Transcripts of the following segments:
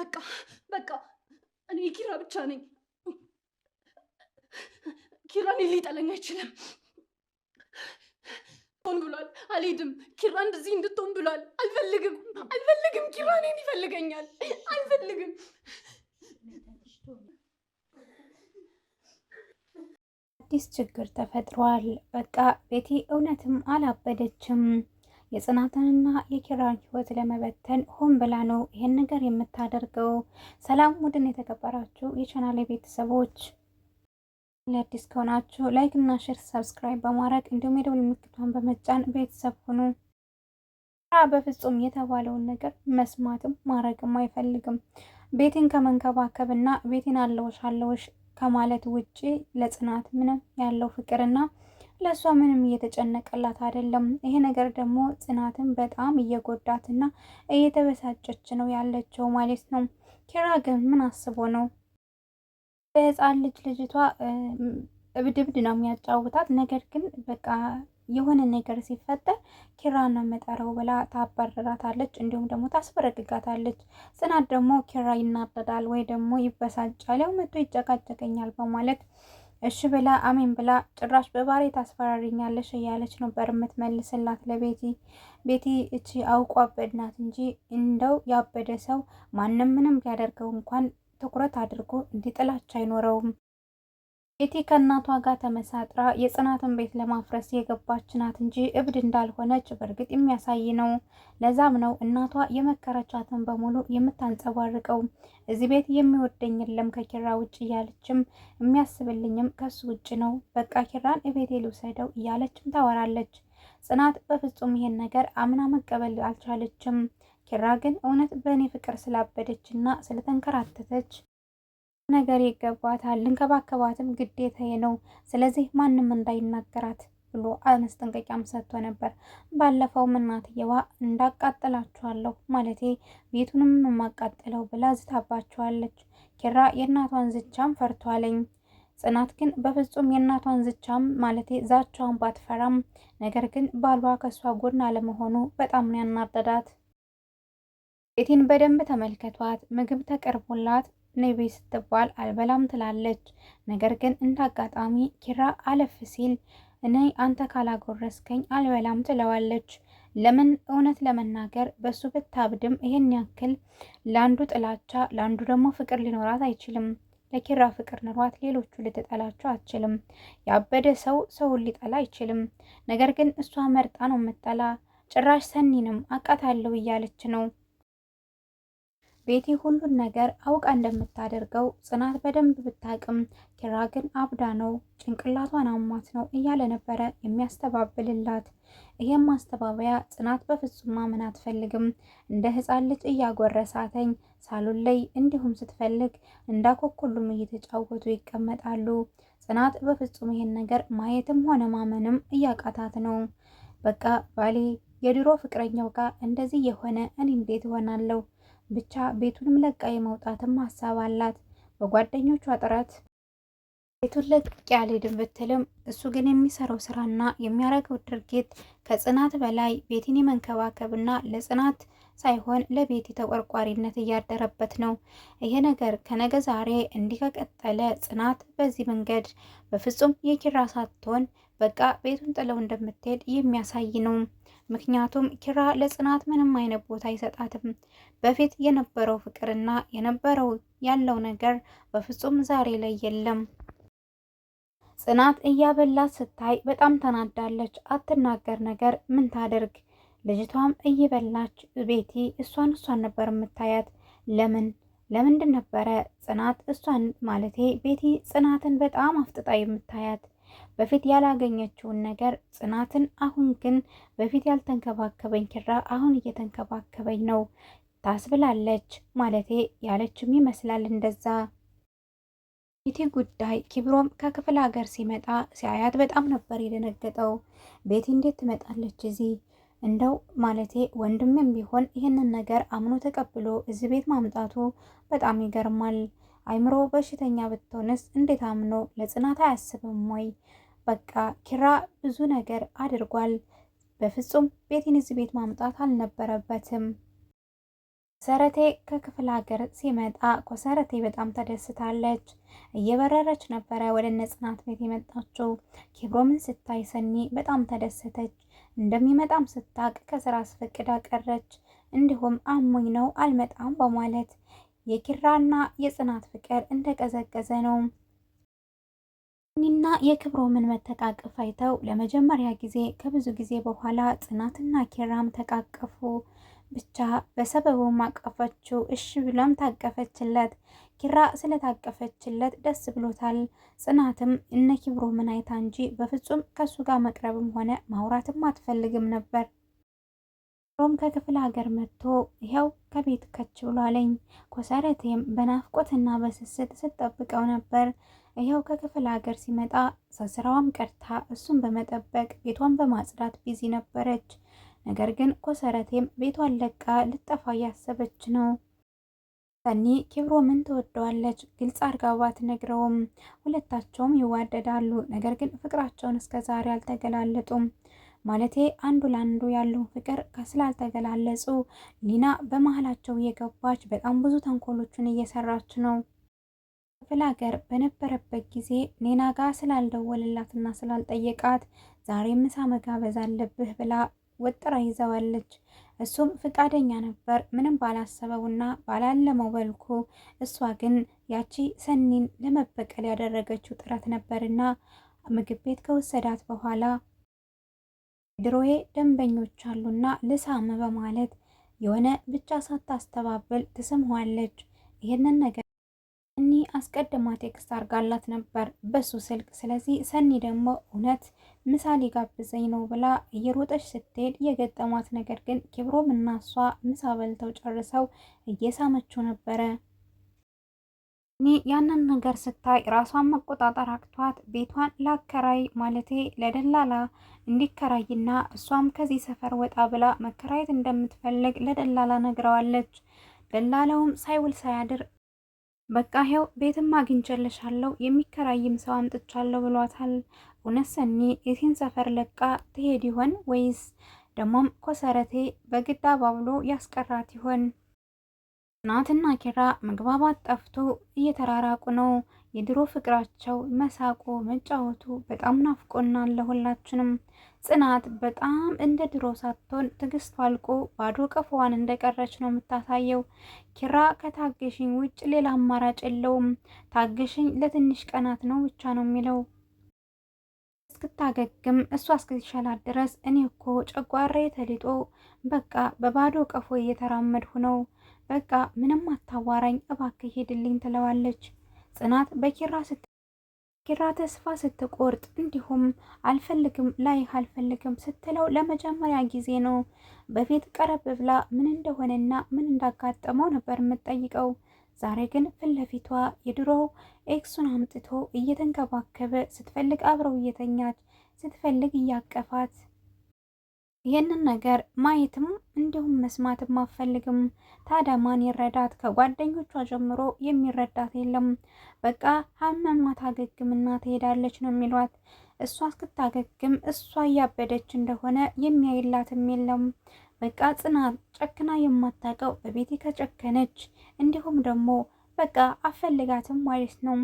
በቃ በቃ እኔ ኪራ ብቻ ነኝ። ኪራ እኔን ሊጠለኝ አይችልም። ሆን ብሏል። አልሄድም። ኪራ እንደዚህ እንድትሆን ብሏል። አልፈልግም፣ አልፈልግም። ኪራ እኔን ይፈልገኛል። አልፈልግም። አዲስ ችግር ተፈጥሯል። በቃ ቤቴ እውነትም አላበደችም። የጽናትንና የኪራን ህይወት ለመበተን ሆን ብላ ነው ይህን ነገር የምታደርገው። ሰላም ውድን የተከበራችሁ የቻናል ቤተሰቦች ለአዲስ ከሆናችሁ ላይክ እና ሼር ሰብስክራይብ በማድረግ እንዲሁም የደውል ምልክቷን በመጫን ቤተሰብ ሁኑ። በፍጹም የተባለውን ነገር መስማትም ማድረግም አይፈልግም። ቤቴን ከመንከባከብ እና ቤቴን አለውሽ አለውሽ ከማለት ውጪ ለጽናት ምንም ያለው ፍቅርና ለእሷ ምንም እየተጨነቀላት አይደለም። ይሄ ነገር ደግሞ ጽናትን በጣም እየጎዳትና እየተበሳጨች ነው ያለችው ማለት ነው። ኪራ ግን ምን አስቦ ነው በህፃን ልጅ ልጅቷ እብድብድ ነው የሚያጫውታት። ነገር ግን በቃ የሆነ ነገር ሲፈጠር ኪራ ነው የምጠራው ብላ ታባረራታለች፣ እንዲሁም ደግሞ ታስበረግጋታለች። ጽናት ደግሞ ኪራ ይናደዳል ወይ ደግሞ ይበሳጫል፣ ያው መቶ ይጨቃጨቀኛል በማለት እሺ ብላ አሜን ብላ ጭራሽ በባሬ ታስፈራሪኛለሽ እያለች ነበር የምትመልስላት ለቤቲ። ቤቲ እቺ አውቋ በድናት እንጂ እንደው ያበደ ሰው ማንም ምንም ቢያደርገው እንኳን ትኩረት አድርጎ እንዲጥላች አይኖረውም። ኢቲ ከእናቷ ጋር ተመሳጥራ የጽናትን ቤት ለማፍረስ የገባች ናት እንጂ እብድ እንዳልሆነች በእርግጥ የሚያሳይ ነው። ለዛም ነው እናቷ የመከረቻትን በሙሉ የምታንጸባርቀው። እዚህ ቤት የሚወደኝ የለም ከኪራ ውጭ እያለችም የሚያስብልኝም ከሱ ውጭ ነው፣ በቃ ኪራን እቤቴ ልውሰደው እያለችም ታወራለች። ጽናት በፍጹም ይሄን ነገር አምና መቀበል አልቻለችም። ኪራ ግን እውነት በእኔ ፍቅር ስላበደች እና ስለተንከራተተች ነገር ይገባታል፣ ልንከባከባትም ግዴታዬ ነው። ስለዚህ ማንም እንዳይናገራት ብሎ ማስጠንቀቂያም ሰጥቶ ነበር። ባለፈውም እናትየዋ እንዳቃጥላችኋለሁ ማለቴ ቤቱንም የማቃጥለው ብላ ዝታባችኋለች። ኪራ የእናቷን ዝቻም ፈርቷለኝ። ጽናት ግን በፍጹም የእናቷን ዝቻም ማለቴ ዛቻውን ባትፈራም ነገር ግን ባሏ ከእሷ ጎን አለመሆኑ በጣም ነው ያናደዳት። ቤቴን በደንብ ተመልከቷት፣ ምግብ ተቀርቦላት ነቤ ስትባል አልበላም ትላለች። ነገር ግን እንደ አጋጣሚ ኪራ አለፍ ሲል እኔ አንተ ካላጎረስከኝ አልበላም ትለዋለች። ለምን እውነት ለመናገር በሱ ብታብድም ይሄን ያክል ለአንዱ ጥላቻ ለአንዱ ደግሞ ፍቅር ሊኖራት አይችልም። ለኪራ ፍቅር ኑሯት ሌሎቹ ልትጠላቸው አትችልም። ያበደ ሰው ሰውን ሊጠላ አይችልም። ነገር ግን እሷ መርጣ ነው የምጠላ ጭራሽ ሰኒንም አቃታለሁ እያለች ነው ቤቲ ሁሉን ነገር አውቃ እንደምታደርገው ጽናት በደንብ ብታቅም ኪራ ግን አብዳ ነው ጭንቅላቷን አሟት ነው እያለ ነበረ የሚያስተባብልላት። ይህም ማስተባበያ ጽናት በፍጹም ማመን አትፈልግም። እንደ ሕፃን ልጅ እያጎረሳተኝ ሳሎን ላይ እንዲሁም ስትፈልግ እንዳኮኩሉም እየተጫወቱ ይቀመጣሉ። ጽናት በፍጹም ይህን ነገር ማየትም ሆነ ማመንም እያቃታት ነው። በቃ ባሌ የድሮ ፍቅረኛው ጋር እንደዚህ የሆነ እኔ እንዴት እሆናለሁ? ብቻ ቤቱንም ለቃ የመውጣትም ሀሳብ አላት። በጓደኞቿ ጥረት ቤቱን ለቅቄ አልሄድም ብትልም እሱ ግን የሚሰራው ስራና የሚያደርገው ድርጊት ከጽናት በላይ ቤትን የመንከባከብና ለጽናት ሳይሆን ለቤቲ ተቆርቋሪነት እያደረበት ነው። ይሄ ነገር ከነገ ዛሬ እንዲህ ከቀጠለ ጽናት በዚህ መንገድ በፍጹም የኪራ ሳትሆን በቃ ቤቱን ጥለው እንደምትሄድ የሚያሳይ ነው። ምክንያቱም ኪራ ለጽናት ምንም አይነት ቦታ አይሰጣትም። በፊት የነበረው ፍቅርና የነበረው ያለው ነገር በፍጹም ዛሬ ላይ የለም። ጽናት እያበላት ስታይ በጣም ተናዳለች። አትናገር ነገር ምን ታደርግ ልጅቷም እየበላች ቤቲ እሷን እሷን ነበር የምታያት። ለምን ለምንድን ነበረ ጽናት እሷን ማለቴ ቤቲ ጽናትን በጣም አፍጥጣ የምታያት? በፊት ያላገኘችውን ነገር ጽናትን አሁን ግን በፊት ያልተንከባከበኝ ኪራ አሁን እየተንከባከበኝ ነው ታስብላለች ማለቴ ያለችም ይመስላል እንደዛ። ቤቲ ጉዳይ ኪብሮም ከክፍለ ሀገር ሲመጣ ሲያያት በጣም ነበር የደነገጠው። ቤቲ እንዴት ትመጣለች እዚህ እንደው ማለቴ ወንድምም ቢሆን ይህንን ነገር አምኖ ተቀብሎ እዚህ ቤት ማምጣቱ በጣም ይገርማል። አይምሮ በሽተኛ ብትሆንስ እንዴት አምኖ ለጽናት አያስብም ወይ? በቃ ኪራ ብዙ ነገር አድርጓል። በፍጹም ቤቴን እዚህ ቤት ማምጣት አልነበረበትም። ኮሰረቴ ከክፍለ ሀገር ሲመጣ ኮሰረቴ በጣም ተደስታለች። እየበረረች ነበረ ወደ እነ ጽናት ቤት የመጣችው። ኪብሮምን ስታይ ሰኒ በጣም ተደሰተች። እንደሚመጣም ስታቅ ከስራ አስፈቅዳ ቀረች። እንዲሁም አሞኝ ነው አልመጣም በማለት የኪራና የጽናት ፍቅር እንደቀዘቀዘ ነው። ኒና የክብሮምን መተቃቀፍ አይተው ለመጀመሪያ ጊዜ ከብዙ ጊዜ በኋላ ጽናትና ኪራም ተቃቀፉ። ብቻ በሰበቡ ማቀፈችው፣ እሺ ብሎም ታቀፈችለት። ኪራ ስለታቀፈችለት ደስ ብሎታል። ጽናትም እነ ኪብሮ አይታ እንጂ በፍጹም ከሱ ጋር መቅረብም ሆነ ማውራትም አትፈልግም ነበር። ሮም ከክፍለ ሀገር መጥቶ ይኸው ከቤት ከች ብሏለኝ። ኮሰረቴም በናፍቆትና በስስት ስትጠብቀው ነበር። ይኸው ከክፍለ ሀገር ሲመጣ ስራዋም ቀርታ እሱን በመጠበቅ ቤቷን በማጽዳት ቢዚ ነበረች። ነገር ግን ኮሰረቴም ቤቷን ለቃ ልጠፋ እያሰበች ነው። ሰኒ ኬብሮምን ትወደዋለች። ግልጽ አድርጋ ባትነግረውም ሁለታቸውም ይዋደዳሉ። ነገር ግን ፍቅራቸውን እስከ ዛሬ አልተገላለጡም። ማለቴ አንዱ ለአንዱ ያለው ፍቅር ስላልተገላለጹ ሊና በመሀላቸው እየገባች በጣም ብዙ ተንኮሎችን እየሰራች ነው። ክፍለ ሀገር በነበረበት ጊዜ ሌና ጋር ስላልደወልላትና ስላልጠየቃት ዛሬ ምሳ መጋበዝ አለብህ ብላ ወጥራ ይዘዋለች። እሱም ፍቃደኛ ነበር ምንም ባላሰበውና ባላለመው መልኩ። እሷ ግን ያቺ ሰኒን ለመበቀል ያደረገችው ጥረት ነበርና ምግብ ቤት ከወሰዳት በኋላ ድሮዬ ደንበኞች አሉና ልሳም በማለት የሆነ ብቻ ሳታስተባብል ትስምዋለች። ይህንን ነገር እኒ አስቀድማ ቴክስት አርጋላት ነበር በሱ ስልክ። ስለዚህ ሰኒ ደግሞ እውነት ምሳ ሊጋብዘኝ ነው ብላ እየሮጠች ስትሄድ የገጠማት ነገር ግን ኪብሮም እና እሷ ምሳ በልተው ጨርሰው እየሳመችው ነበረ። እኔ ያንን ነገር ስታይ ራሷን መቆጣጠር አቅቷት ቤቷን ላከራይ ማለቴ ለደላላ እንዲከራይና እሷም ከዚህ ሰፈር ወጣ ብላ መከራየት እንደምትፈልግ ለደላላ ነግረዋለች። ደላላውም ሳይውል ሳያድር በቃ ሄው ቤትም አግኝቼልሻለሁ የሚከራይም ሰው አምጥቻለሁ ብሏታል። እውነት ሰኒ የሴን ሰፈር ለቃ ትሄድ ይሆን ወይስ ደግሞም ኮሰረቴ በግድ አባብሎ ያስቀራት ይሆን? ጽናትና ኪራ መግባባት ጠፍቶ እየተራራቁ ነው። የድሮ ፍቅራቸው መሳቁ፣ መጫወቱ በጣም ናፍቆናል ለሁላችንም። ጽናት በጣም እንደ ድሮ ሳትሆን ትዕግስቷ አልቆ ባዶ ቀፎዋን እንደቀረች ነው የምታሳየው። ኪራ ከታገሽኝ ውጭ ሌላ አማራጭ የለውም፣ ታገሽኝ ለትንሽ ቀናት ነው ብቻ ነው የሚለው። እስክታገግም እሷ እስክትሻላት ድረስ እኔ እኮ ጨጓራዬ ተልጦ በቃ በባዶ ቀፎ እየተራመድሁ ነው፣ በቃ ምንም አታዋራኝ እባክህ ሄድልኝ ትለዋለች ጽናት በኪራ ስት። ኪራ ተስፋ ስትቆርጥ እንዲሁም አልፈልግም ላይህ አልፈልግም ስትለው ለመጀመሪያ ጊዜ ነው በፊት ቀረብ ብላ ምን እንደሆነና ምን እንዳጋጠመው ነበር የምትጠይቀው። ዛሬ ግን ፊት ለፊቷ የድሮ ኤክሱን አምጥቶ እየተንከባከበ ስትፈልግ አብረው እየተኛች ስትፈልግ እያቀፋት ይህንን ነገር ማየትም እንዲሁም መስማትም አፈልግም። ታዲያ ማን ይረዳት? ከጓደኞቿ ጀምሮ የሚረዳት የለም። በቃ ሀመሟ ታገግምና ትሄዳለች ነው የሚሏት። እሷ እስክታገግም እሷ እያበደች እንደሆነ የሚያይላትም የለም። በቃ ጽናት ጨክና የማታውቀው በቤቴ ከጨከነች እንዲሁም ደግሞ በቃ አፈልጋትም ማለት ነው።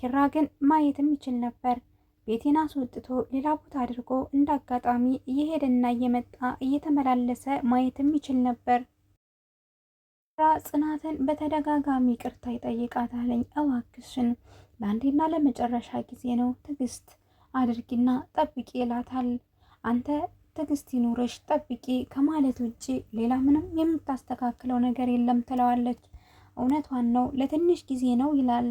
ኪራ ግን ማየትም ይችል ነበር። ቤቴን አስወጥቶ ሌላ ቦታ አድርጎ እንደ አጋጣሚ እየሄደና እየመጣ እየተመላለሰ ማየትም ይችል ነበር። ራ ጽናትን በተደጋጋሚ ቅርታ ይጠይቃታለኝ። እባክሽን ለአንዴና ለመጨረሻ ጊዜ ነው ትዕግስት አድርጊና ጠብቂ ይላታል። አንተ ትዕግስት ይኑርሽ ጠብቂ ከማለት ውጭ ሌላ ምንም የምታስተካክለው ነገር የለም ትለዋለች። እውነቷን ነው፣ ለትንሽ ጊዜ ነው ይላል።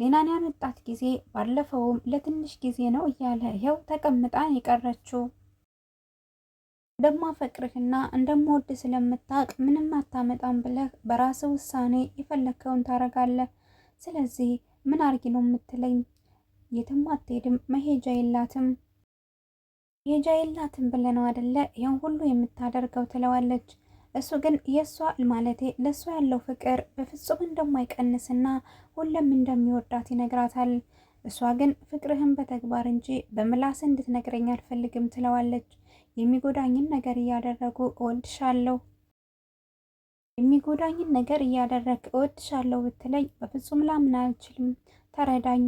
ሌናን ያመጣት ጊዜ ባለፈውም ለትንሽ ጊዜ ነው እያለ ይኸው ተቀምጣን የቀረችው እንደማፈቅርህና እንደምወድ ስለምታውቅ ምንም አታመጣም ብለህ በራስ ውሳኔ የፈለግከውን ታረጋለህ። ስለዚህ ምን አርጊ ነው የምትለኝ? የትም አትሄድም፣ መሄጃ የላትም መሄጃ የላትም ብለህ ነው አደለ? ይህን ሁሉ የምታደርገው ትለዋለች። እሱ ግን የእሷ ማለቴ ለእሷ ያለው ፍቅር በፍጹም እንደማይቀንስና ሁለም እንደሚወዳት ይነግራታል። እሷ ግን ፍቅርህን በተግባር እንጂ በምላስ እንድትነግረኝ አልፈልግም ትለዋለች። የሚጎዳኝን ነገር እያደረጉ እወድሻለሁ የሚጎዳኝን ነገር እያደረግ እወድሻለሁ ብትለኝ በፍጹም ላምን አልችልም። ተረዳኝ፣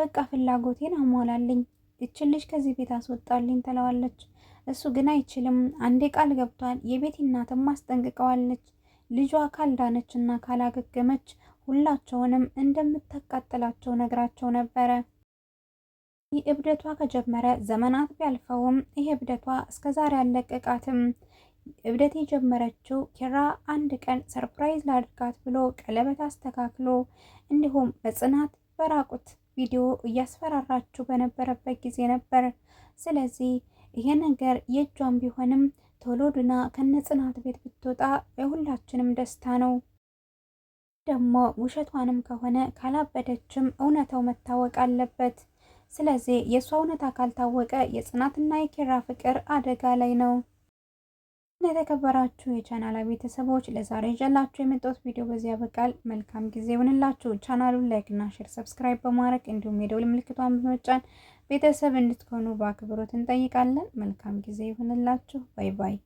በቃ ፍላጎቴን አሟላልኝ፣ ይችን ልጅ ከዚህ ቤት አስወጣልኝ ትለዋለች። እሱ ግን አይችልም። አንዴ ቃል ገብቷል። የቤቲ እናትም አስጠንቅቀዋለች። ልጇ ካልዳነች እና ካላገገመች ሁላቸውንም እንደምታቃጥላቸው ነግራቸው ነበረ። ይህ እብደቷ ከጀመረ ዘመናት ቢያልፈውም ይህ እብደቷ እስከዛሬ አለቀቃትም። እብደት የጀመረችው ኪራ አንድ ቀን ሰርፕራይዝ ላድርጋት ብሎ ቀለበት አስተካክሎ እንዲሁም በጽናት በራቁት ቪዲዮ እያስፈራራችው በነበረበት ጊዜ ነበር። ስለዚህ ይሄ ነገር የእጇን ቢሆንም ቶሎ ድና ከነጽናት ቤት ብትወጣ የሁላችንም ደስታ ነው። ደግሞ ውሸቷንም ከሆነ ካላበደችም እውነታው መታወቅ አለበት። ስለዚህ የእሷ እውነታ ካልታወቀ የጽናትና የኪራ ፍቅር አደጋ ላይ ነው። የተከበራችሁ የቻናል ቤተሰቦች ለዛሬ ይዤላችሁ የመጣሁት ቪዲዮ በዚህ ያበቃል። መልካም ጊዜ ይሁንላችሁ። ቻናሉን ላይክ እና ሼር፣ ሰብስክራይብ በማድረግ እንዲሁም የደውል ምልክቷን በመጫን ቤተሰብ እንድትሆኑ በአክብሮት እንጠይቃለን። መልካም ጊዜ ይሁንላችሁ። ባይ ባይ።